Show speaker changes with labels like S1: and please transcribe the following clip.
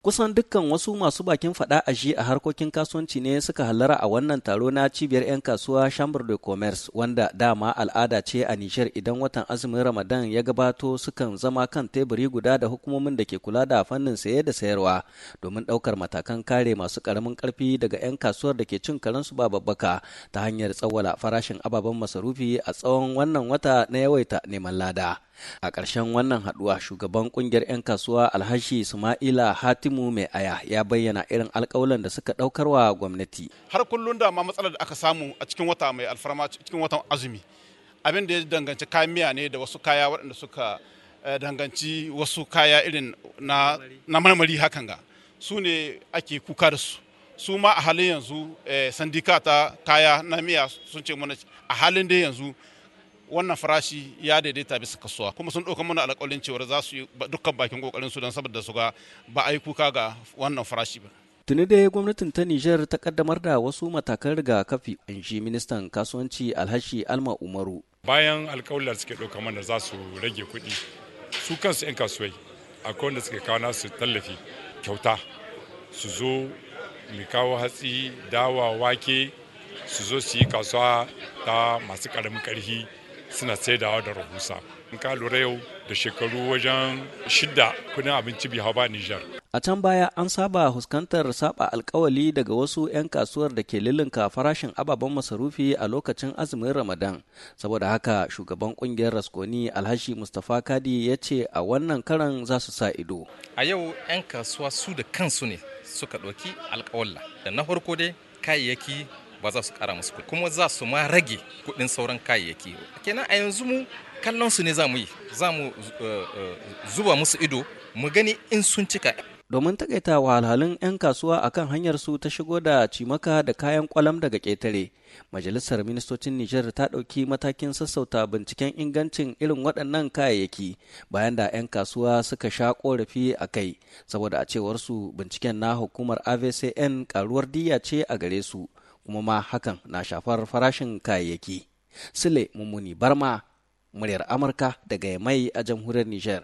S1: Kusan dukkan wasu masu bakin fada a a harkokin kasuwanci ne suka hallara a wannan taro na cibiyar 'yan kasuwa Chamber de Commerce wanda dama al'ada ce a Nijar idan watan azumin Ramadan ya gabato sukan zama kan teburi guda da hukumomin da ke kula da fannin saye da sayarwa domin ɗaukar matakan kare masu ƙaramin ƙarfi daga 'yan kasuwar da ke cin karensu ba babbaka ta hanyar tsawwala farashin ababen masarufi a tsawon wannan wata na yawaita neman lada. A ƙarshen wannan haɗuwa shugaban ƙungiyar 'yan kasuwa Alhashi sumaila Hatimu mai aya ya bayyana irin alƙawalan da suka ɗaukar wa gwamnati.
S2: Har kullum da ma matsalar da aka samu a cikin wata mai alfarma cikin watan azumi abin da ya danganci kamiya ne da wasu kaya waɗanda suka eh, danganci wasu kaya irin na, marmari hakan ga su ne ake kuka da su su ma a halin yanzu eh, sandika ta kaya na miya sun ce mana a halin da yanzu wannan farashi ya daidaita bisa kasuwa kuma sun ɗauka mana alƙalin cewa za su yi dukkan bakin ƙoƙarin su don saboda su ga ba a yi kuka
S3: ga wannan farashi ba.
S1: Tuni dai gwamnatin ta Nijar ta kaddamar da wasu matakan rigakafi in shi ministan kasuwanci Alhashi Alma Umaru.
S3: Bayan alƙawalar suke ɗauka mana za su rage kuɗi su kansu 'yan kasuwai akwai wanda suke kawo nasu tallafi kyauta su zo mu kawo hatsi dawa wake su zo su yi kasuwa ta masu ƙaramin ƙarfi suna saidawa da rahusa in ka lura yau da shekaru wajen shida kudin abinci bi hawa Nijar.
S1: A can baya an saba huskantar saba alkawali daga wasu 'yan kasuwar da ke lilinka farashin ababen masarufi a lokacin azumin Ramadan. Saboda haka shugaban kungiyar Raskoni Alhashi Mustapha Kadi ya ce a wannan karan za su sa ido.
S4: A yau 'yan kasuwa su da kansu ne suka ɗauki alkawalla. Da na farko dai kayayyaki ba za su kara musu kuɗi kuma za su ma rage kuɗin sauran kayayyaki kenan a yanzu mu kallon su ne za mu yi za mu eh, eh, zuba musu ido mu gani in sun cika
S1: domin takaita wahalhalun 'yan kasuwa akan hanyar su ta shigo da cimaka da kayan kwalam daga ketare majalisar ministocin nijar ta ɗauki matakin sassauta binciken ingancin irin waɗannan kayayyaki bayan da 'yan kasuwa suka sha ƙorafi a kai saboda a cewar su binciken na hukumar avcn karuwar diya ce a gare su kuma ma hakan na shafar farashin kayayyaki. Sule Mummuni Barma, muryar Amurka daga mai a jamhuriyar Nijar.